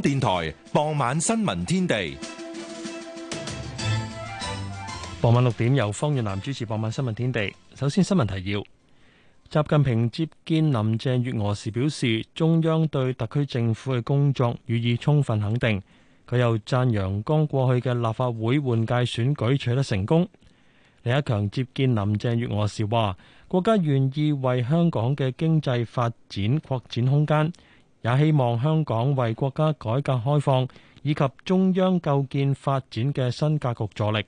電台傍晚新聞天地，傍晚六點由方遠南主持。傍晚新聞天地，首先新聞提要：習近平接見林鄭月娥時表示，中央對特區政府嘅工作予以充分肯定。佢又讚揚剛過去嘅立法會換屆選舉取得成功。李克強接見林鄭月娥時話，國家願意為香港嘅經濟發展擴展空間。也希望香港為國家改革開放以及中央構建發展嘅新格局助力。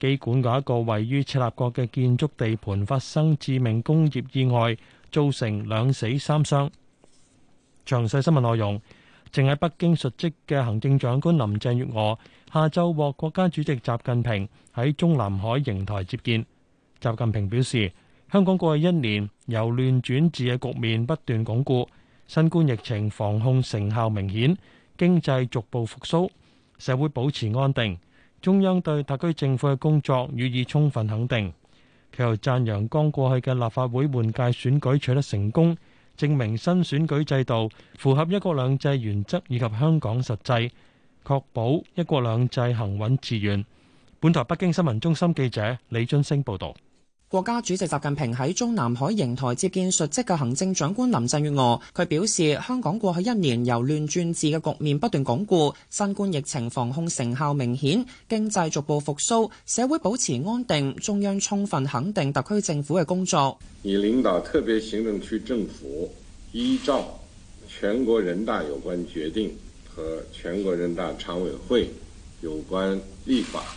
機管嘅一個位於設立國嘅建築地盤發生致命工業意外，造成兩死三傷。詳細新聞內容，正喺北京述職嘅行政長官林鄭月娥下晝獲國家主席習近平喺中南海瀛台接見。習近平表示，香港過去一年由亂轉治嘅局面不斷鞏固，新冠疫情防控成效明顯，經濟逐步復甦，社會保持安定。中央對特區政府嘅工作予以充分肯定，佢又讚揚剛過去嘅立法會換屆選舉取得成功，證明新選舉制度符合一國兩制原則以及香港實際，確保一國兩制行穩致遠。本台北京新聞中心記者李俊升報道。國家主席習近平喺中南海瀛台接見述職嘅行政長官林鄭月娥，佢表示香港過去一年由亂轉治嘅局面不斷鞏固，新冠疫情防控成效明顯，經濟逐步復甦，社會保持安定，中央充分肯定特區政府嘅工作。你領導特別行政區政府依照全國人大有關決定和全國人大常委會有關立法。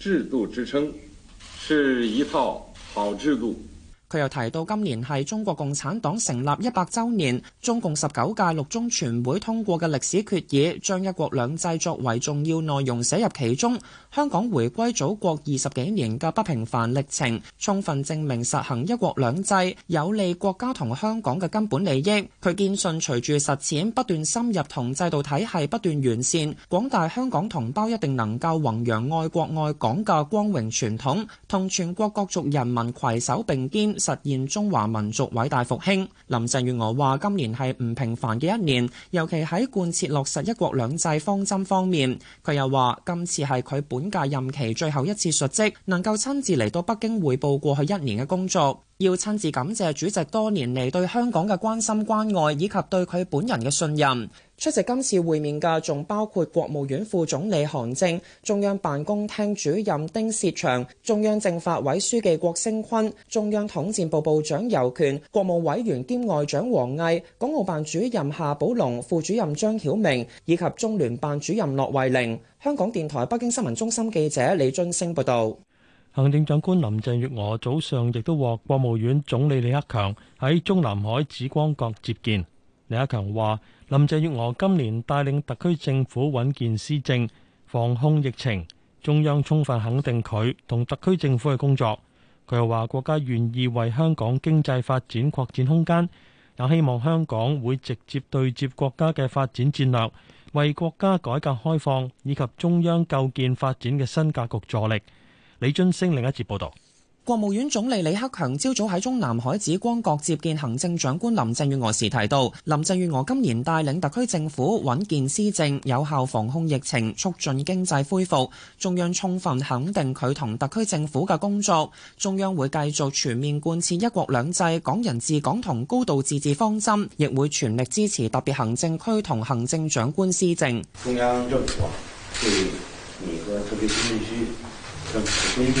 制度支撐是一套好制度。佢又提到，今年係中國共產黨成立一百周年，中共十九屆六中全會通過嘅歷史決議將一國兩制作為重要內容寫入其中。香港回歸祖國二十幾年嘅不平凡歷程，充分證明實行一國兩制有利國家同香港嘅根本利益。佢堅信隨，隨住實踐不斷深入同制度體系不斷完善，廣大香港同胞一定能夠弘揚愛國愛港嘅光榮傳統，同全國各族人民攜手並肩，實現中華民族偉大復興。林鄭月娥話：今年係唔平凡嘅一年，尤其喺貫徹落實一國兩制方針方面。佢又話：今次係佢本屆任期最後一次述職，能夠親自嚟到北京匯報過去一年嘅工作，要親自感謝主席多年嚟對香港嘅關心關愛，以及對佢本人嘅信任。出席今次會面嘅仲包括國務院副總理韓正、中央辦公廳主任丁薛祥、中央政法委書記郭聲琨、中央統戰部部長尤權、國務委員兼外長王毅、港澳辦主任夏寶龍、副主任張曉明以及中聯辦主任駱惠寧。香港電台北京新聞中心記者李津星報道。行政長官林鄭月娥早上亦都話，國務院總理李克強喺中南海紫光閣接見。李克強話。林鄭月娥今年帶領特區政府穩健施政，防控疫情，中央充分肯定佢同特區政府嘅工作。佢又話：國家願意為香港經濟發展擴展空間，也希望香港會直接對接國家嘅發展戰略，為國家改革開放以及中央構建發展嘅新格局助力。李津升另一節報道。國務院總理李克強朝早喺中南海紫光閣接見行政長官林鄭月娥時提到，林鄭月娥今年帶領特區政府穩健施政，有效防控疫情，促進經濟恢復。中央充分肯定佢同特區政府嘅工作，中央會繼續全面貫徹一國兩制、港人治港同高度自治方針，亦會全力支持特別行政區同行政長官施政。中央政府對每個特別行政區政府工作。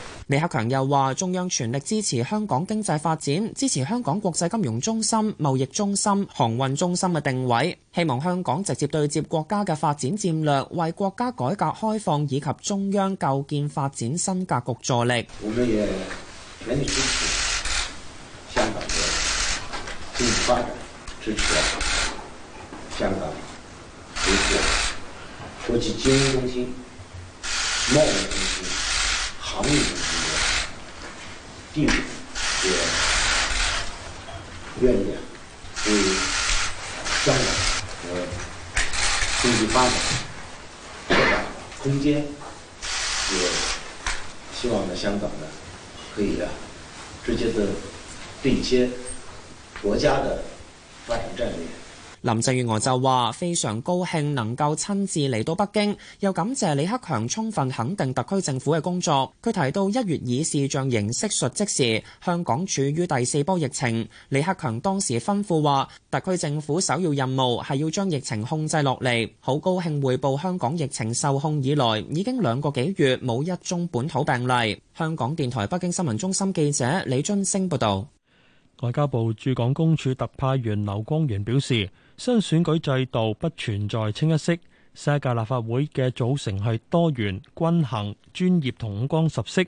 李克強又話：中央全力支持香港經濟發展，支持香港國際金融中心、貿易中心、航運中心嘅定位，希望香港直接對接國家嘅發展戰略，為國家改革開放以及中央構建發展新格局助力。冇乜嘢，全力支持香港嘅經濟發展，支持香港國際金融中心、貿易中心、航運。第五也，願意啊，為香港和經濟發展拓展空間，也希望呢香港呢可以啊直接的對接國家的發展戰略。林鄭月娥就話：非常高興能夠親自嚟到北京，又感謝李克強充分肯定特區政府嘅工作。佢提到一月以視像形式述職時，香港處於第四波疫情。李克強當時吩咐話，特區政府首要任務係要將疫情控制落嚟。好高興彙報香港疫情受控以來，已經兩個幾月冇一宗本土病例。香港電台北京新聞中心記者李津星報導。外交部駐港公署特派員劉光源表示。新選舉制度不存在清一色，世界立法會嘅組成係多元、均衡、專業同五光十色，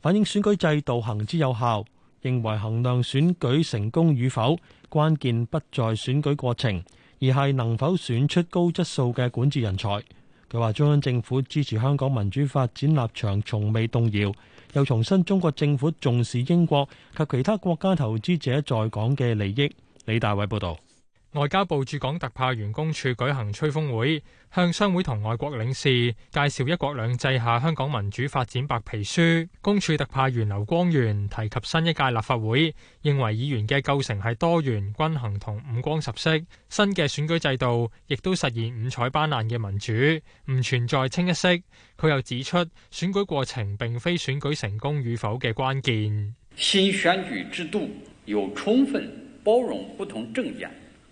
反映選舉制度行之有效。認為衡量選舉成功與否，關鍵不在選舉過程，而係能否選出高質素嘅管治人才。佢話中央政府支持香港民主發展立場從未動搖，又重申中國政府重視英國及其他國家投資者在港嘅利益。李大偉報導。外交部駐港特派員公署舉行吹風會，向商會同外國領事介紹《一國兩制下香港民主發展白皮書》。公署特派員劉光源提及新一屆立法會，認為議員嘅構成係多元、均衡同五光十色，新嘅選舉制度亦都實現五彩斑斕嘅民主，唔存在清一色。佢又指出，選舉過程並非選舉成功與否嘅關鍵。新選舉制度有充分包容不同政見。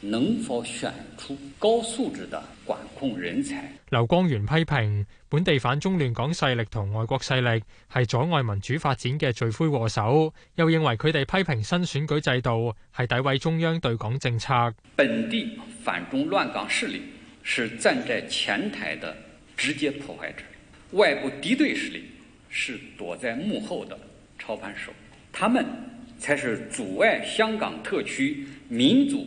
能否選出高素質的管控人才？劉光源批評本地反中亂港勢力同外國勢力係阻礙民主發展嘅罪魁禍首，又認為佢哋批評新選舉制度係詆毀中央對港政策。本地反中亂港勢力是站在前台的直接破壞者，外部敵對勢力是躲在幕後的操盤手，他們才是阻礙香港特區民主。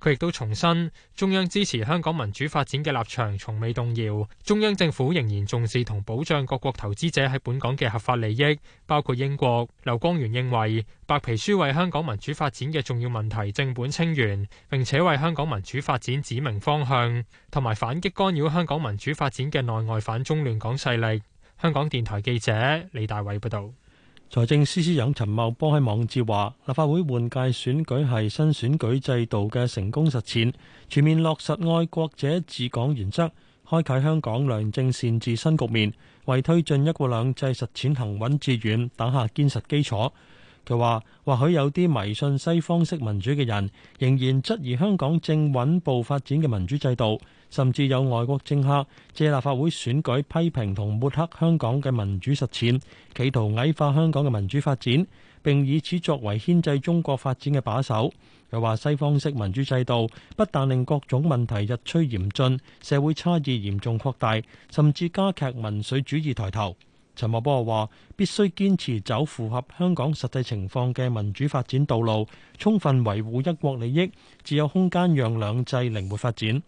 佢亦都重申中央支持香港民主發展嘅立場從未動搖，中央政府仍然重視同保障各國投資者喺本港嘅合法利益，包括英國。劉光源認為白皮書為香港民主發展嘅重要問題正本清源，並且為香港民主發展指明方向，同埋反擊干擾香港民主發展嘅內外反中亂港勢力。香港電台記者李大偉報道。財政司司長陳茂波喺網誌話，立法會換屆選舉係新選舉制度嘅成功實踐，全面落實愛國者治港原則，開啟香港良政善治新局面，為推進一國兩制實踐行穩致遠打下堅實基礎。佢話，或許有啲迷信西方式民主嘅人仍然質疑香港正穩步發展嘅民主制度。甚至有外國政客借立法會選舉批評同抹黑香港嘅民主實踐，企圖矮化香港嘅民主發展，並以此作為牽制中國發展嘅把手。又話西方式民主制度不但令各種問題日趨嚴峻，社會差異嚴重擴大，甚至加劇民粹主義抬頭。陳茂波話，必須堅持走符合香港實際情況嘅民主發展道路，充分維護一國利益，自有空間讓兩制靈活發展。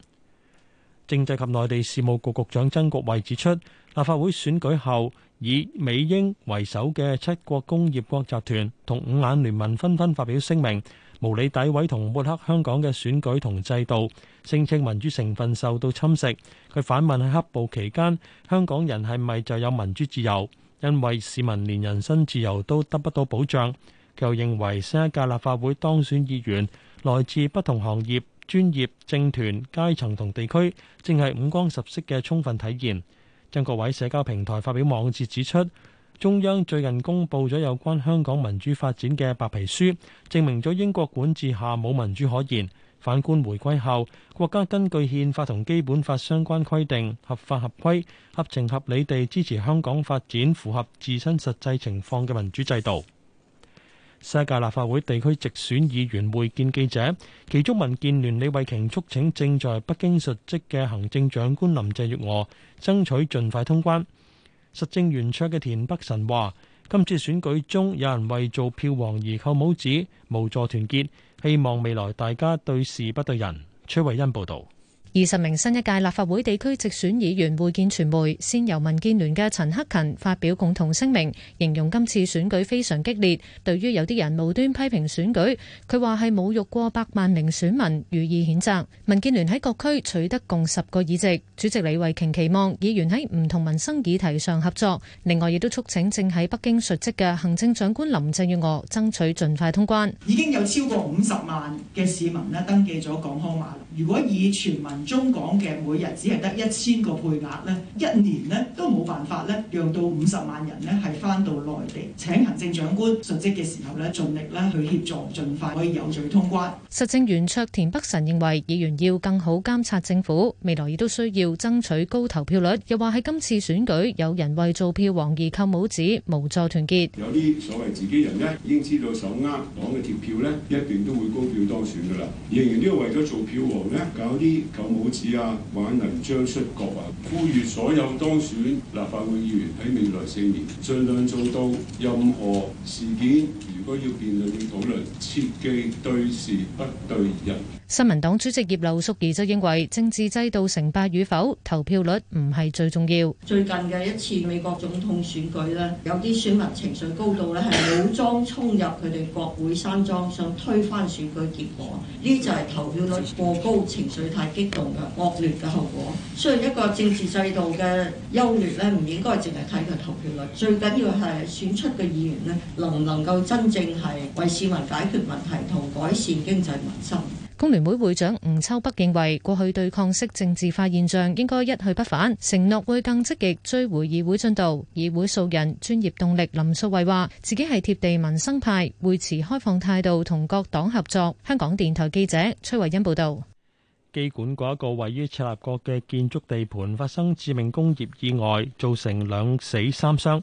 政制及內地事務局局長曾國衛指出，立法會選舉後，以美英為首嘅七國工業國集團同五眼聯盟紛紛發表聲明，無理詆毀同抹黑香港嘅選舉同制度，聲稱民主成分受到侵蝕。佢反問喺黑暴期間，香港人係咪就有民主自由？因為市民連人身自由都得不到保障。佢又認為，新一屆立法會當選議員來自不同行業。專業政團階層同地區正係五光十色嘅充分體現。曾國偉社交平台發表網誌指出，中央最近公布咗有關香港民主發展嘅白皮書，證明咗英國管治下冇民主可言。反觀回歸後，國家根據憲法同基本法相關規定，合法合規、合情合理地支持香港發展符合自身實際情況嘅民主制度。世界立法會地區直選議員會見記者，其中民建聯李慧瓊促請正在北京述職嘅行政長官林鄭月娥爭取盡快通關。實政圓桌嘅田北辰話：今次選舉中有人為做票王而扣帽子，無助團結，希望未來大家對事不對人。崔慧欣報道。20名新一屆立法會地區直選議員會見傳媒，先由民建聯嘅陳克勤發表共同聲明，形容今次選舉非常激烈，對於有啲人無端批評選舉，佢話係侮辱過百萬名選民，予以譴責。民建聯喺各區取得共十個議席，主席李慧瓊期望議員喺唔同民生議題上合作，另外亦都促請正喺北京述職嘅行政長官林鄭月娥爭取盡快通關。已經有超過五十萬嘅市民登記咗港康碼，如果以全民中港嘅每日只係得一千個配額，呢一年呢都冇辦法呢讓到五十萬人呢係翻到內地。請行政長官述職嘅時候呢盡力啦去協助，盡快可以有序通關。實政圓桌田北辰認為議員要更好監察政府，未來亦都需要爭取高投票率。又話喺今次選舉有人為做票王而扣帽子，無助團結。有啲所謂自己人呢已經知道手握黨嘅鐵票呢一定都會高票當選噶啦。仍然都要為咗做票王呢搞啲求冇紙啊，玩銀章出國啊，呼籲所有當選立法會議員喺未來四年盡量做到任何事件，如果要辯論要討論，切記對事不對人。 新民黨主席葉劉淑儀就認為，政治制度成敗與否，投票率唔係最重要。最近嘅一次美國總統選舉呢，有啲選民情緒高度呢，呢係武裝衝入佢哋國會山莊，想推翻選舉結果。呢就係投票率過高，情緒太激動嘅惡劣嘅後果。所以一個政治制度嘅優劣呢，唔應該淨係睇佢投票率，最緊要係選出嘅議員呢，能唔能夠真正係為市民解決問題同改善經濟民生。工聯會會長吳秋北認為，過去對抗式政治化現象應該一去不返，承諾會更積極追回議會進度。議會素人專業動力林素惠話：自己係貼地民生派，會持開放態度同各黨合作。香港電台記者崔慧恩報道，機管過一個位於赤鱲角嘅建築地盤發生致命工業意外，造成兩死三傷。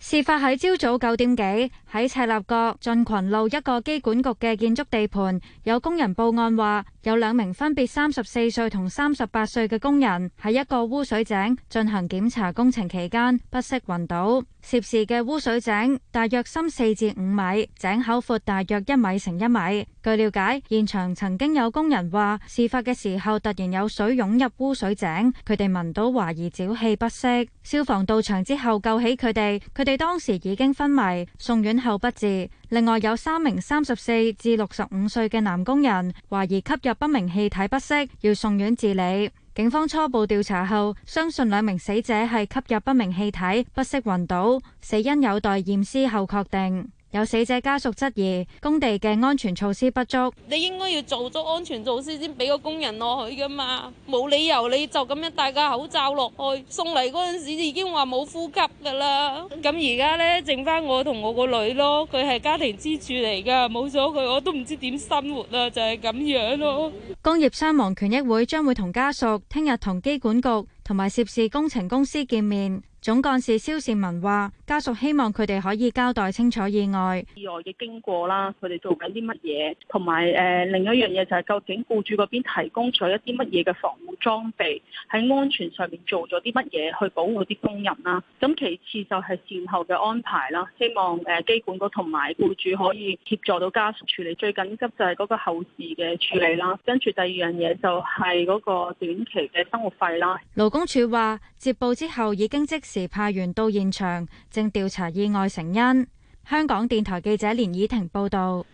事發喺朝早九點幾喺赤鱲角駿群路一個機管局嘅建築地盤，有工人報案話，有兩名分別三十四歲同三十八歲嘅工人喺一個污水井進行檢查工程期間不適暈倒。涉事嘅污水井大約深四至五米，井口闊大約一米乘一米。據了解，現場曾經有工人話，事發嘅時候突然有水湧入污水井，佢哋聞到懷疑沼氣不適。消防到場之後救起佢哋，佢哋當時已經昏迷，送院後不治。另外有三名三十四至六十五歲嘅男工人，懷疑吸入不明氣體不適，要送院治理。警方初步調查後，相信兩名死者係吸入不明氣體不適暈倒，死因有待驗屍後確定。有死者家屬質疑工地嘅安全措施不足。你應該要做足安全措施先俾個工人落去噶嘛，冇理由你就咁樣戴個口罩落去，送嚟嗰陣時已經話冇呼吸噶啦。咁而家呢，剩返我同我個女咯，佢係家庭支柱嚟噶，冇咗佢我都唔知點生活啊，就係咁樣咯。工業傷亡權益會將會同家屬聽日同機管局同埋涉事工程公司見面。總幹事蕭善文話：家屬希望佢哋可以交代清楚意外意外嘅經過啦，佢哋做緊啲乜嘢，同埋誒另一樣嘢就係究竟雇主嗰邊提供咗一啲乜嘢嘅防護裝備，喺安全上面做咗啲乜嘢去保護啲工人啦。咁其次就係善後嘅安排啦，希望誒機管局同埋雇主可以協助到家屬處理最緊急就係嗰個後事嘅處理啦。嗯，跟住第二樣嘢就係嗰個短期嘅生活費啦。勞工處話接報之後已經即。時派員到現場，正調查意外成因。香港電台記者連以婷報道。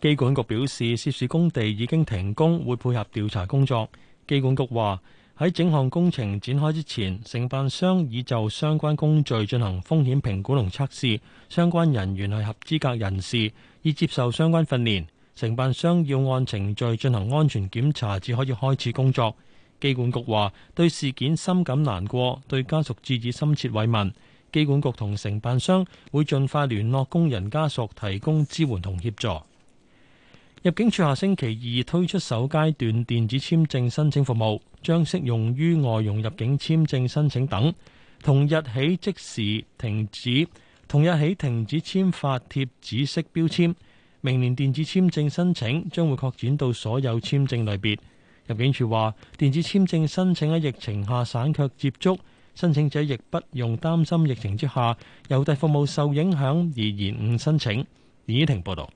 機管局表示，涉事工地已經停工，會配合調查工作。機管局話喺整項工程展開之前，承辦商已就相關工序進行風險評估同測試，相關人員係合資格人士，已接受相關訓練。承辦商要按程序進行安全檢查，至可以開始工作。機管局話：對事件深感難過，對家屬致以深切慰問。機管局同承辦商會盡快聯絡工人家屬，提供支援同協助。入境處下星期二推出首階段電子簽證申請服務，將適用於外傭入境簽證申請等。同日起即時停止，同日起停止簽發貼紙式標籤。明年電子簽證申請將會擴展到所有簽證類別。入境處話，電子簽證申請喺疫情下省卻接觸，申請者亦不用擔心疫情之下郵遞服務受影響而延誤申請。李依婷報道。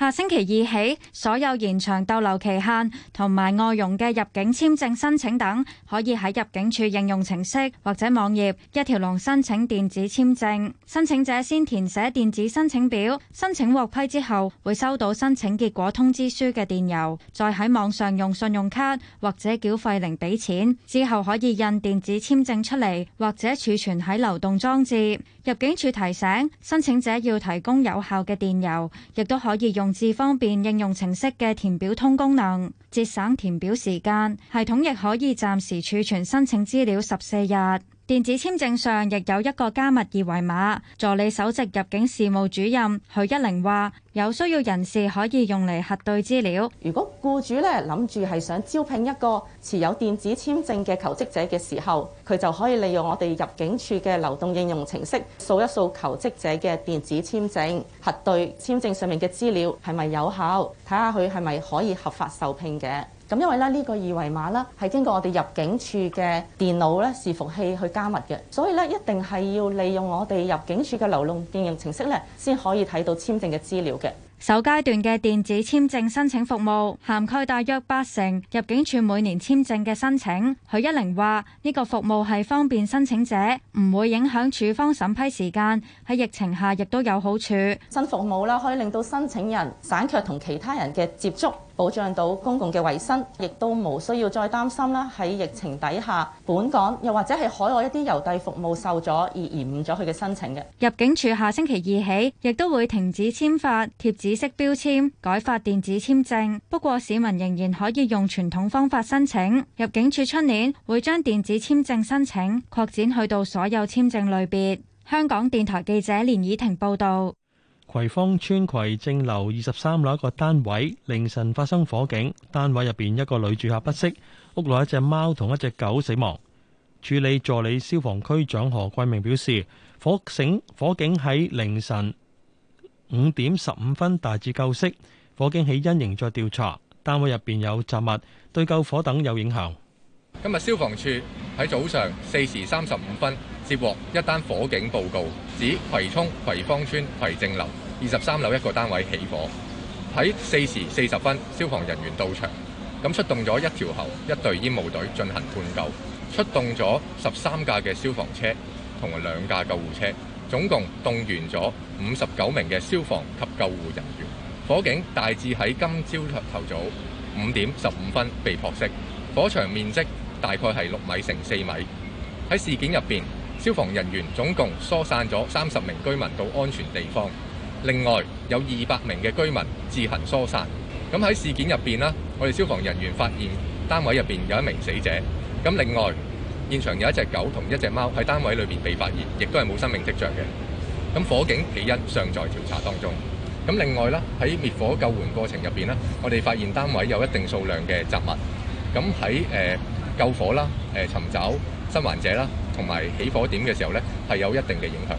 下星期二起，所有延長逗留期限同埋外傭嘅入境簽證申請等，可以喺入境處應用程式或者網頁一條龍申請電子簽證。申請者先填寫電子申請表，申請獲批之後會收到申請結果通知書嘅電郵，再喺網上用信用卡或者繳費靈俾錢之後，可以印電子簽證出嚟或者儲存喺流動裝置。入境處提醒申請者要提供有效嘅電郵，亦都可以用智方便應用程式嘅填表通功能，節省填表時間。系統亦可以暫時儲存申請資料十四日。電子簽證上亦有一個加密二維碼。助理首席入境事務主任許一玲話：有需要人士可以用嚟核對資料。如果僱主咧諗住係想招聘一個持有電子簽證嘅求職者嘅時候，佢就可以利用我哋入境處嘅流動應用程式掃一掃求職者嘅電子簽證，核對簽證上面嘅資料係咪有效，睇下佢係咪可以合法受聘嘅。咁因為呢個二維碼呢，係經過我哋入境處嘅電腦呢伺服器去加密嘅，所以呢，一定係要利用我哋入境處嘅流動應用程式呢，先可以睇到簽證嘅資料嘅。首階段嘅電子簽證申請服務涵蓋大約八成入境處每年簽證嘅申請。許一玲話：呢個服務係方便申請者，唔會影響處方審批時間。喺疫情下亦都有好處。新服務啦，可以令到申請人省卻同其他人嘅接觸。保障到公共嘅衞生，亦都無需要再擔心啦。喺疫情底下，本港又或者係海外一啲郵遞服務受阻而延誤咗佢嘅申請嘅。入境處下星期二起，亦都會停止簽發貼紙式標籤，改發電子簽證。不過市民仍然可以用傳統方法申請。入境處出年會將電子簽證申請擴展去到所有簽證類別。香港電台記者連以婷報道。葵芳村葵正樓二十三樓一個單位凌晨發生火警，單位入邊一個女住客不適，屋內一隻貓同一隻狗死亡。處理助理消防區長何桂明表示，火警火警喺凌晨五點十五分大致救熄，火警起因仍在調查，單位入邊有雜物，對救火等有影響。今日消防處喺早上四時三十五分。接獲一單火警報告，指葵涌葵芳村葵正樓二十三樓一個單位起火。喺四時四十分，消防人員到場，咁出動咗一條喉一隊煙霧隊進行判救，出動咗十三架嘅消防車同埋兩架救護車，總共動員咗五十九名嘅消防及救護人員。火警大致喺今朝頭早五點十五分被撲熄，火場面積大概係六米乘四米。喺事件入邊。消防人員總共疏散咗三十名居民到安全地方，另外有二百名嘅居民自行疏散。咁喺事件入邊呢，我哋消防人員發現單位入邊有一名死者。咁另外現場有一隻狗同一隻貓喺單位裏邊被發現，亦都係冇生命跡象嘅。咁火警起因尚在調查當中。咁另外啦，喺滅火救援過程入邊呢，我哋發現單位有一定數量嘅雜物。咁喺誒救火啦，誒、呃、尋找生還者啦。同埋起火點嘅時候呢，係有一定嘅影響。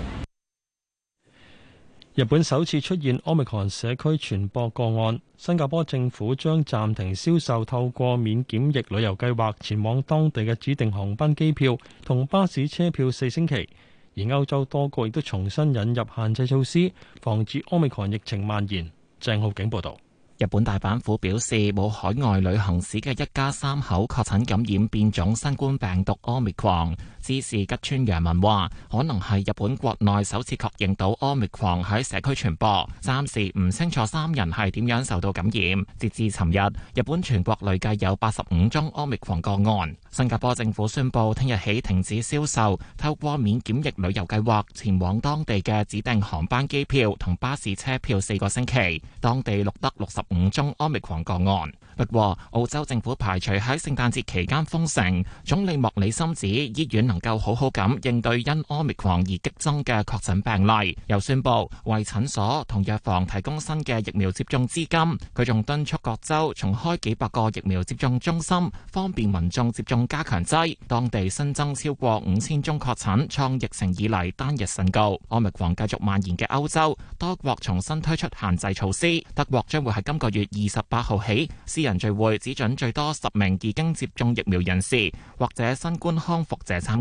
日本首次出現奧密克戎社區傳播個案。新加坡政府將暫停銷售透過免檢疫旅遊計劃前往當地嘅指定航班機票同巴士車票四星期。而歐洲多個亦都重新引入限制措施，防止奧密克戎疫情蔓延。鄭浩景報導。日本大阪府表示，冇海外旅行史嘅一家三口確診感染變種新冠病毒奧密克戎。芝士吉川楊文話可能係日本國內首次確認到奧密狂喺社區傳播，暫時唔清楚三人係點樣受到感染。截至尋日，日本全國累計有八十五宗奧密狂個案。新加坡政府宣佈，聽日起停止銷售透過免檢疫旅遊計劃前往當地嘅指定航班機票同巴士車票四個星期。當地錄得六十五宗奧密狂個案。不過澳洲政府排除喺聖誕節期間封城。總理莫里森指醫院。能夠好好咁應對因奧密克戎而激增嘅確診病例，又宣布為診所同藥房提供新嘅疫苗接種資金。佢仲敦促各州重開幾百個疫苗接種中心，方便民眾接種加強劑。當地新增超過五千宗確診，創疫情以嚟單日新高。奧密克戎繼續蔓延嘅歐洲，多國重新推出限制措施。德國將會喺今個月二十八號起，私人聚會只准最多十名已經接種疫苗人士或者新冠康復者參。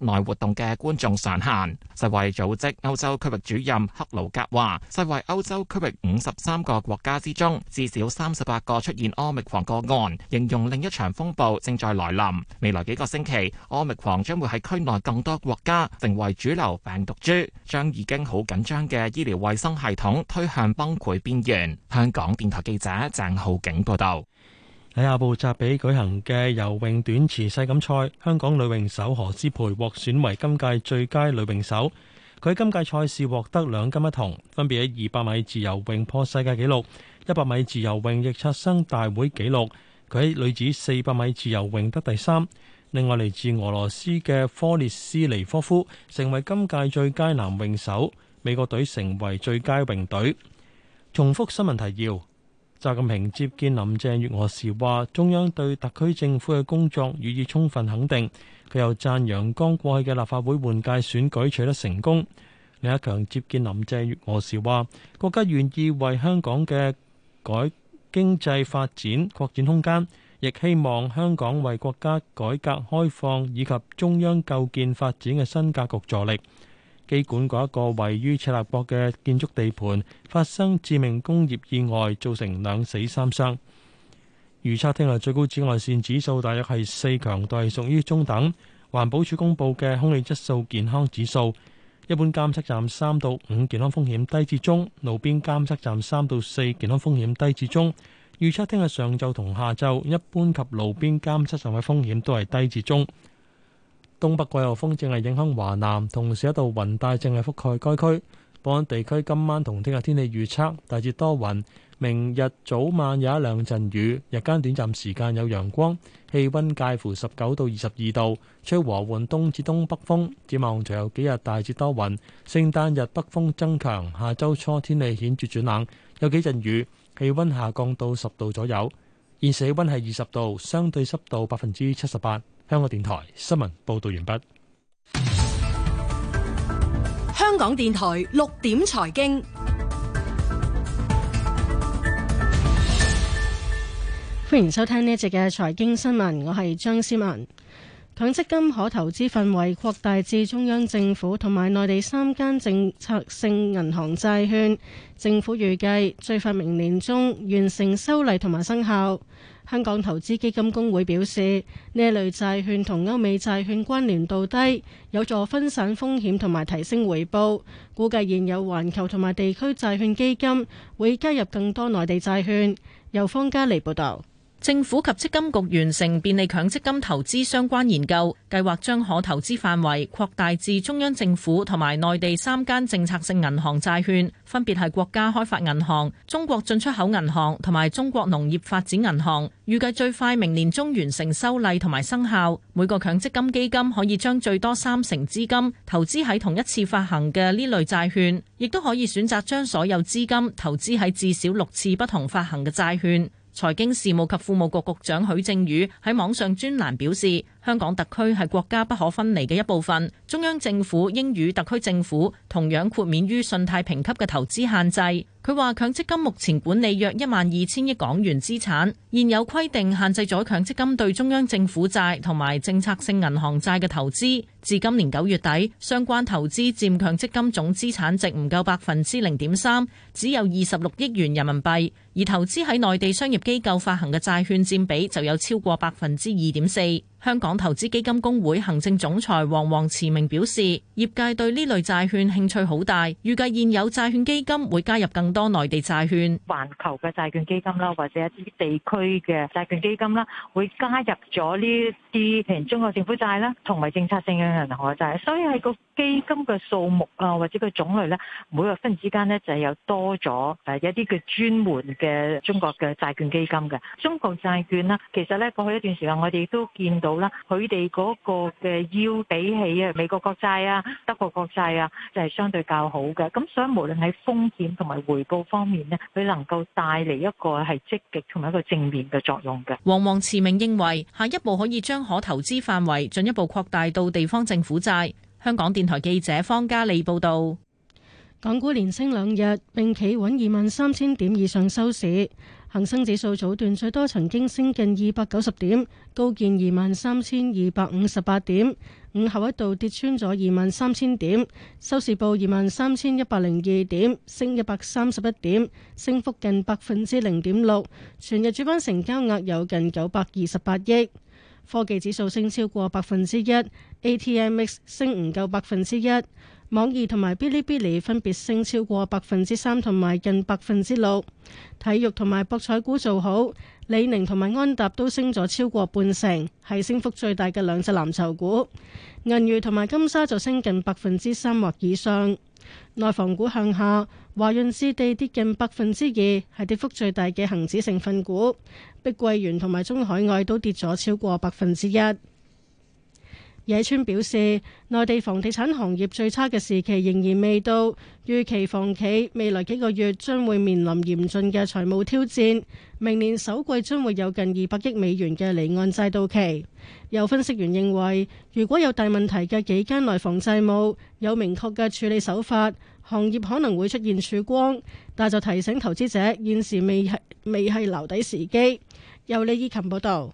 內活動嘅觀眾上限。世衛組織歐洲區域主任克魯格話，世衛歐洲區域五十三個國家之中，至少三十八個出現奧密克戎個案，形容另一場風暴正在來臨。未來幾個星期，奧密克戎將會喺區內更多國家成為主流病毒株，將已經好緊張嘅醫療衛生系統推向崩潰邊緣。香港電台記者鄭浩景報道。喺阿布扎比舉行嘅游泳短池世錦賽，香港女泳手何詩蓓獲選為今屆最佳女泳手。佢喺今屆賽事獲得兩金一銅，分別喺二百米自由泳破世界紀錄、一百米自由泳亦刷新大會紀錄。佢喺女子四百米自由泳得第三。另外嚟自俄羅斯嘅科列斯尼科夫，成為今屆最佳男泳手。美國隊成為最佳泳隊。重複新聞提要。習近平接見林鄭月娥時話，中央對特區政府嘅工作予以充分肯定。佢又讚揚剛過去嘅立法會換屆選舉取得成功。李克強接見林鄭月娥時話，國家願意為香港嘅改經濟發展擴展空間，亦希望香港為國家改革開放以及中央構建發展嘅新格局助力。機管局一個位於赤鱲角嘅建築地盤發生致命工業意外，造成兩死三傷。預測聽日最高紫外線指數大約係四，強度係屬於中等。環保署公布嘅空氣質素健康指數，一般監測站三到五，健康風險低至中；路邊監測站三到四，健康風險低至中。預測聽日上晝同下晝，一般及路邊監測站嘅風險都係低至中。東北季候風正係影響華南，同時一道雲帶正係覆蓋該區。本港地區今晚同聽日天氣預測大致多雲，明日早晚有一兩陣雨，日間短暫時間有陽光，氣溫介乎十九到二十二度，吹和緩東至東北風。展望隨後幾日大致多雲，聖誕日北風增強，下週初天氣顯著轉冷，有幾陣雨，氣溫下降到十度左右。現時氣溫係二十度，相對濕度百分之七十八。香港電台新聞報道完畢。香港電台六點財經，歡迎收聽呢一節嘅財經新聞，我係張思文。強積金可投資範圍擴大至中央政府同埋內地三間政策性銀行債券，政府預計最快明年中完成修例同埋生效。香港投資基金公會表示，呢一類債券同歐美債券關聯度低，有助分散風險同埋提升回報。估計現有環球同埋地區債券基金會加入更多內地債券。由方家利報導。政府及積金局完成便利強積金投資相關研究，計劃將可投資範圍擴大至中央政府同埋內地三間政策性銀行債券，分別係國家開發銀行、中國進出口銀行同埋中國農業發展銀行。預計最快明年中完成修例同埋生效。每個強積金基金可以將最多三成資金投資喺同一次發行嘅呢類債券，亦都可以選擇將所有資金投資喺至少六次不同發行嘅債券。財經事務及庫務局局長許正宇喺網上專欄表示。香港特區係國家不可分離嘅一部分，中央政府應與特區政府同樣豁免於信貸評級嘅投資限制。佢話強積金目前管理約一萬二千億港元資產，現有規定限制咗強積金對中央政府債同埋政策性銀行債嘅投資，至今年九月底，相關投資佔強積金總資產值唔夠百分之零點三，只有二十六億元人民幣，而投資喺內地商業機構發行嘅債券佔比就有超過百分之二點四。香港投資基金公會行政總裁黃黃慈明表示，業界對呢類債券興趣好大，預計現有債券基金會加入更多內地債券，環球嘅債券基金啦，或者一啲地區嘅債券基金啦，會加入咗呢啲，譬如中國政府債啦，同埋政策性嘅銀行嘅債，所以係個基金嘅數目啊，或者個種類咧，每個分之間咧就係有多咗誒一啲佢專門嘅中國嘅債券基金嘅中國債券啦。其實咧過去一段時間，我哋都見到，啦，佢哋嗰個嘅要比起啊美國國債啊德國國債啊就係相對較好嘅，咁所以無論喺風險同埋回報方面咧，佢能夠帶嚟一個係積極同埋一個正面嘅作用嘅。王王慈明認為下一步可以將可投資範圍進一步擴大到地方政府債。香港電台記者方嘉利報道，港股連升兩日，並企穩二萬三千點以上收市，恒生指數早段最多曾經升近二百九十點。高見二萬三千二百五十八點，午後一度跌穿咗二萬三千點，收市報二萬三千一百零二點，升一百三十一點，升幅近百分之零點六。全日主板成交額有近九百二十八億。科技指數升超過百分之一，ATMX 升唔夠百分之一，網易同埋嗶哩嗶哩分別升超過百分之三同埋近百分之六。體育同埋博彩股做好。李寧同埋安踏都升咗超過半成，係升幅最大嘅兩隻藍籌股。銀娛同埋金沙就升近百分之三或以上。內房股向下，華潤置地跌近百分之二，係跌幅最大嘅恒指成分股。碧桂園同埋中海外都跌咗超過百分之一。野村表示，內地房地產行業最差嘅時期仍然未到，預期房企未來幾個月將會面臨嚴峻嘅財務挑戰，明年首季將會有近二百億美元嘅離岸債到期。有分析員認為，如果有大問題嘅幾間內房債務有明確嘅處理手法，行業可能會出現曙光，但就提醒投資者現時未係未係留底時機。由李依琴報道。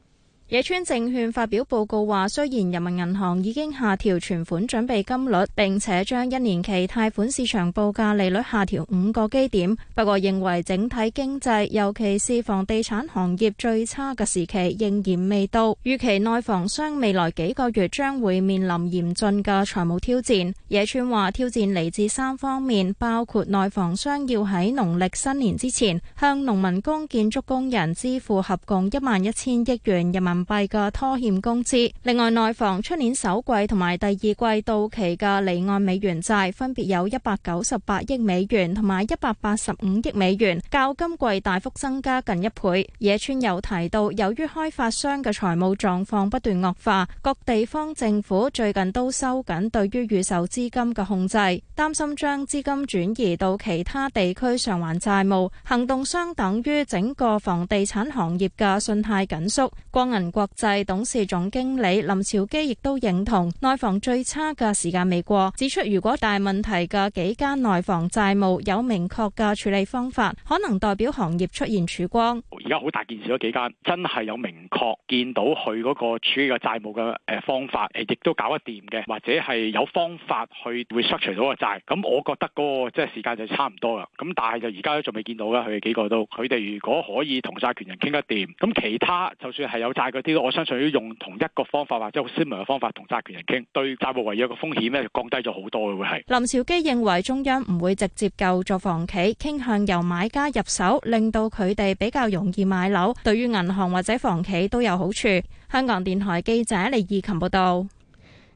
野村證券發表報告話，雖然人民銀行已經下調存款準備金率，並且將一年期貸款市場報價利率下調五個基點，不過認為整體經濟，尤其是房地產行業最差嘅時期仍然未到，預期內房商未來幾個月將會面臨嚴峻嘅財務挑戰。野村話，挑戰嚟自三方面，包括內房商要喺農曆新年之前向農民工、建築工人支付合共一萬一千億元人民幣嘅拖欠工資，另外內房出年首季同埋第二季到期嘅離岸美元債分別有一百九十八億美元同埋一百八十五億美元，較今季大幅增加近一倍。野村有提到，由於開發商嘅財務狀況不斷惡化，各地方政府最近都收緊對於預售資金嘅控制，擔心將資金轉移到其他地區償還債務，行動相等於整個房地產行業嘅信貸緊縮。光銀國際董事總經理林兆基亦都認同內房最差嘅時間未過，指出如果大問題嘅幾間內房債務有明確嘅處理方法，可能代表行業出現曙光。而家好大件事，嗰幾間真係有明確見到佢嗰個處理嘅債務嘅誒方法，亦都搞得掂嘅，或者係有方法去會除到個債，咁我覺得嗰、那個即係時間就差唔多啦。咁但係就而家都仲未見到啦，佢哋幾個都，佢哋如果可以同債權人傾得掂，咁其他就算係有債。嗰啲咯，我相信要用同一個方法或者好 similar 嘅方法同債權人傾，對債務違約嘅風險咧降低咗好多嘅會係。林兆基認為中央唔會直接救助房企，傾向由買家入手，令到佢哋比較容易買樓，對於銀行或者房企都有好處。香港電台記者李義琴報導。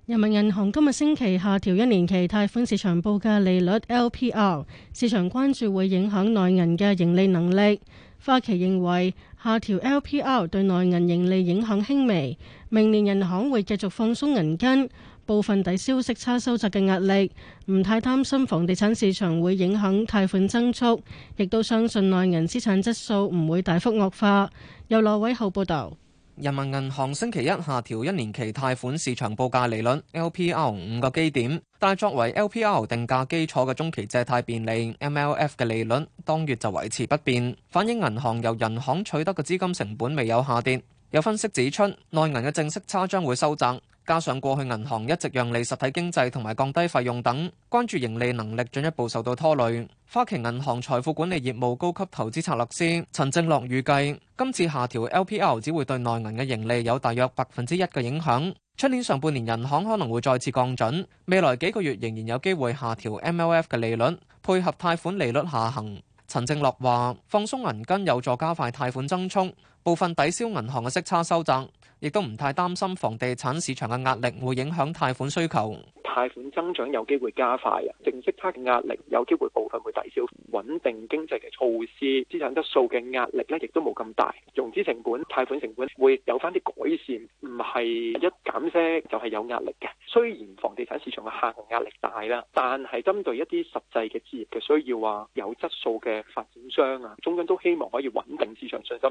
人民銀行今日星期下調一年期貸款市場報價利率 LPR，市場關注會影響內銀嘅盈利能力。花旗認為下調 LPR 對內銀盈利影響輕微，明年銀行會繼續放鬆銀根，部分抵消息差收窄嘅壓力，唔太擔心房地產市場會影響貸款增速，亦都相信內銀資產質素唔會大幅惡化。由羅偉浩報導。人民銀行星期一下調一年期貸款市場報價利率 LPR 五個基點，但係作為 LPR 定價基礎嘅中期借貸便利 MLF 嘅利率當月就維持不變，反映銀行由人行取得嘅資金成本未有下跌。有分析指出，內銀嘅淨息差將會收窄。加上過去銀行一直讓利實體經濟同埋降低費用等，關注盈利能力進一步受到拖累。花旗銀行財富管理業務高級投資策略師陳正樂預計，今次下調 LPR 只會對內銀嘅盈利有大約百分之一嘅影響。出年上半年銀行可能會再次降準，未來幾個月仍然有機會下調 MLF 嘅利率，配合貸款利率下行。陳正樂話：放鬆銀根有助加快貸款增速，部分抵消銀行嘅息差收窄。亦都唔太擔心房地產市場嘅壓力會影響貸款需求，貸款增長有機會加快嘅，淨息差嘅壓力有機會部分會抵消，穩定經濟嘅措施、資產質素嘅壓力咧，亦都冇咁大，融資成本、貸款成本會有返啲改善，唔係一減息就係有壓力嘅。雖然房地產市場嘅下行壓力大啦，但係針對一啲實際嘅資業嘅需要啊，有質素嘅發展商啊，中央都希望可以穩定市場信心。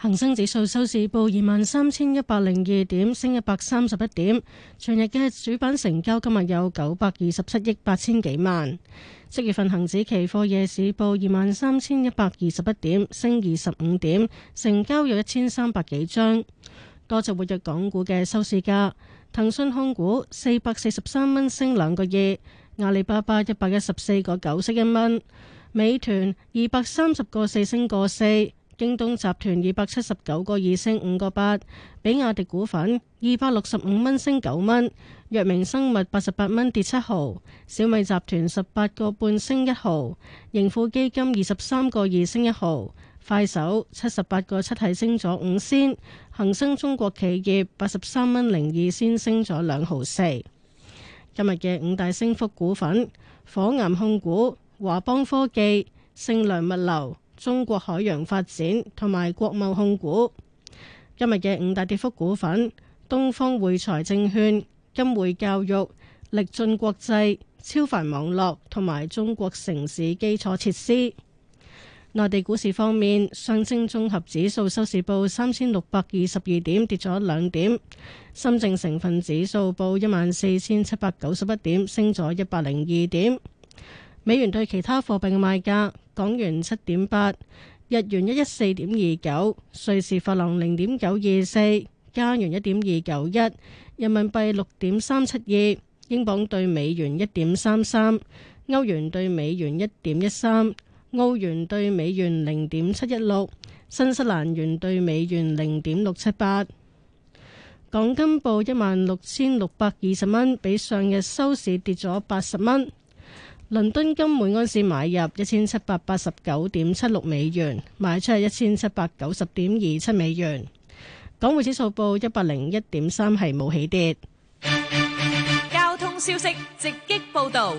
恒生指數收市報二萬三千一百零二點，升一百三十一點。全日嘅主板成交今日有九百二十七億八千幾萬。即月份恒指期貨夜市報二萬三千一百二十一點，升二十五點，成交有一千三百幾張。多隻活躍港股嘅收市價：騰訊控股四百四十三蚊升兩個二，阿里巴巴一百一十四個九升一蚊，美團二百三十個四升個四。京東集團二百七十九個二升五個八，比亞迪股份二百六十五蚊升九蚊，藥明生物八十八蚊跌七毫，小米集團十八個半升一毫，盈富基金二十三個二升一毫，快手七十八個七係升咗五先，恒生中國企業八十三蚊零二先升咗兩毫四。今日嘅五大升幅股份：火岩控股、華邦科技、盛良物流。中國海洋發展同埋國貿控股。今日嘅五大跌幅股份：東方匯財證券、金匯教育、力進國際、超凡網絡同埋中國城市基礎設施。內地股市方面，上證綜合指數收市報三千六百二十二點，跌咗兩點；深證成分指數報一萬四千七百九十一點，升咗一百零二點。美元對其他貨幣嘅賣價。港元七點八，日元一一四點二九，瑞士法郎零點九二四，加元一點二九一，人民幣六點三七二，英鎊兌美元一點三三，歐元兌美元一點一三，澳元兌美元零點七一六，新西蘭元兌美元零點六七八。港金報一萬六千六百二十蚊，比上日收市跌咗八十蚊。倫敦金每安士買入一千七百八十九點七六美元，賣出一千七百九十點二七美元。港匯指數報一百零一點三，係冇起跌。交通消息直擊報道。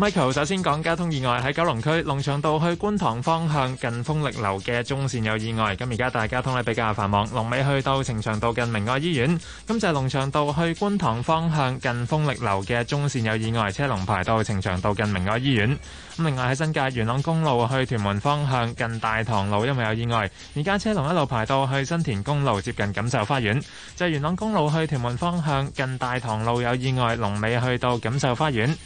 Michael 首先講交通意外，喺九龍區龍翔道去觀塘方向近豐力樓嘅中線有意外，咁而家大交通咧比較繁忙，龍尾去到呈祥道近明愛醫院。咁就係龍翔道去觀塘方向近豐力樓嘅中線有意外，車龍排到呈祥道近明愛醫院。咁另外喺新界元朗公路去屯門方向近大棠路因為有意外，而家車龍一路排到去新田公路接近錦繡花園。就係元朗公路去屯門方向近大棠路有意外，龍尾去到錦繡花園。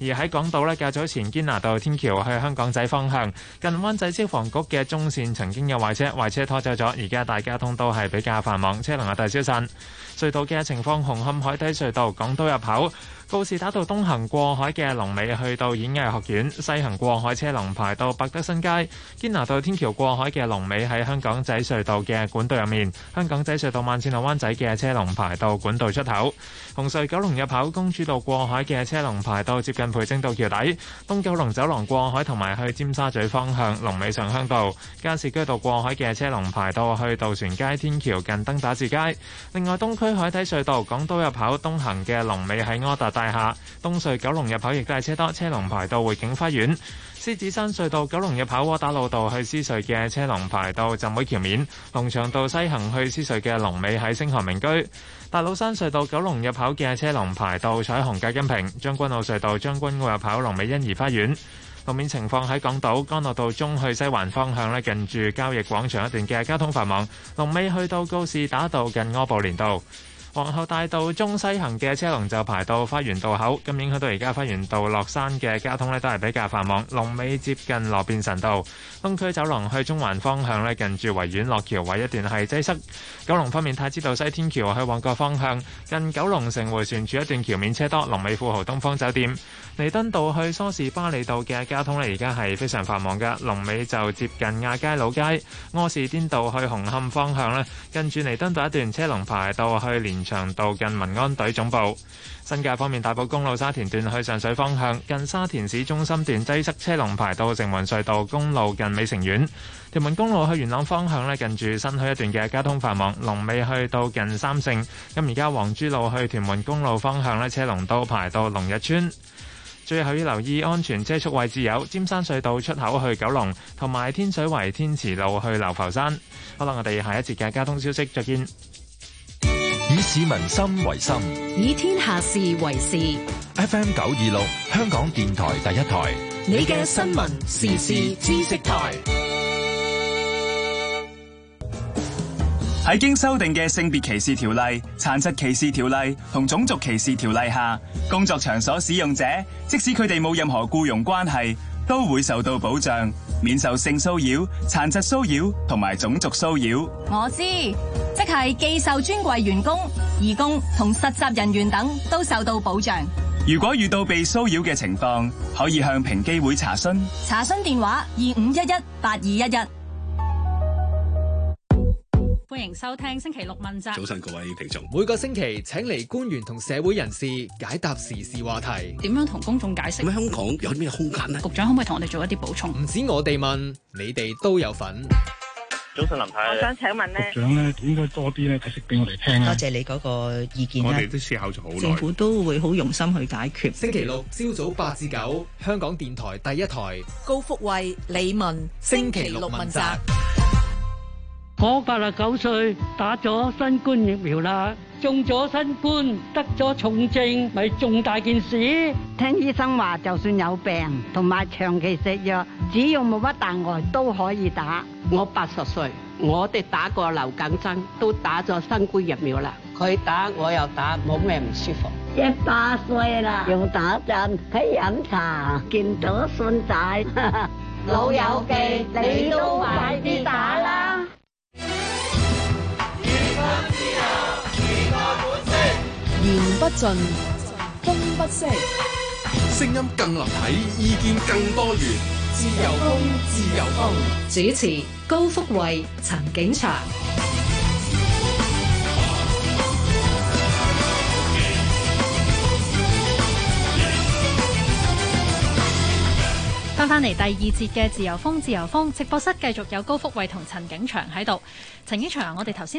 而喺港島咧，較早前堅拿道天橋去香港仔方向，近灣仔消防局嘅中線曾經有壞車，壞車拖走咗，而家大交通都係比較繁忙，車龍啊大消散。隧道嘅情況，紅磡海底隧道港島入口。告士打道東行過海嘅龍尾去到演藝學院，西行過海車龍排到百德新街。堅拿道天橋過海嘅龍尾喺香港仔隧道嘅管道入面。香港仔隧道慢線落灣仔嘅車龍排到管道出口。紅隧九龍入口公主道過海嘅車龍排到接近培正道橋底。東九龍走廊過海同埋去尖沙咀方向龍尾上鄉道。加士居道過海嘅車龍排到去渡船街天橋近登打士街。另外，東區海底隧道港島入口東行嘅龍尾喺柯達大廈，東隧九龍入口亦都係車多，車龍排到匯景花園。獅子山隧道九龍入口窩打老道去獅隧嘅車龍排到浸會橋面。龍翔道西行去獅隧嘅龍尾喺星河名居。大老山隧道九龍入口嘅車龍排到彩虹隔音屏。將軍澳隧道將軍澳入口龍尾欣怡花園。路面情況喺港島干諾道中去西環方向咧，近住交易廣場一段嘅交通繁忙，龍尾去到高士打道近柯布連道。皇后大道中西行嘅車龍就排到花園道口，咁影響到而家花園道落山嘅交通呢，都係比較繁忙。龍尾接近羅便臣道，東區走廊去中環方向呢，近住維園落橋位一段係擠塞。九龍方面，太子道西天橋去旺角方向，近九龍城迴旋處一段橋面車多。龍尾富豪東方酒店，彌敦道去梳士巴利道嘅交通呢，而家係非常繁忙㗎，龍尾就接近亞皆老街。柯士甸道去紅磡方向呢，近住彌敦道一段車龍排到去連長道近民安隊總部。新界方面，大埔公路沙田段去上水方向，近沙田市中心段擠塞，車龍排到城門隧道公路近美城苑。屯門公路去元朗方向咧，近住新墟一段嘅交通繁忙，龍尾去到近三聖。咁而家皇珠路去屯門公路方向咧，車龍都排到龍日村。最後要留意安全車速位置有尖山隧道出口去九龍，同埋天水圍天慈路去流浮山。好啦，我哋下一節嘅交通消息再見。市民心為心，以天下事為事。FM 九二六，香港電台第一台，你嘅新聞時事知識台。喺經修訂嘅性別歧視條例、殘疾歧視條例同種族歧視條例下，工作場所使用者，即使佢哋冇任何僱傭關係，都會受到保障。免受性騷擾、殘疾騷擾同埋種族騷擾，我知，即係既受專櫃員工、義工同實習人員等都受到保障。如果遇到被騷擾嘅情況，可以向平機會查詢。查詢電話：二五一一八二一一。歡迎收聽星期六問責。早晨各位聽眾，每個星期請嚟官員同社會人士解答時事話題。點樣同公眾解釋香港有啲咩空間呢？局長可唔可以同我哋做一啲補充？唔止我哋問，你哋都有份。早晨林太，我想請問呢，局長呢應該多啲呢解釋俾我哋聽。多謝你嗰個意見，我哋都思考咗好耐，政府都會好用心去解決。星期六朝早八至九，香港電台第一台，高福慧李文，星期六問責。我八十九歲，打咗新冠疫苗啦，中咗新冠，得咗重症，咪重大件事？聽醫生話，就算有病同埋長期食藥，只要冇乜大礙都可以打。我八十歲，我哋打過流感針，都打咗新冠疫苗啦。佢打我又打，冇咩唔舒服。一百歲啦，又打針，喺飲茶，見到孫仔，老友記，你都快啲打啦！言不盡，風不息，聲音更立體，意見更多元，自由風，自由風。主持高福慧、陳景祥。翻返嚟第二節嘅自由風，自由風直播室繼續有高福慧同陳景祥喺度。陳景祥，我哋頭先。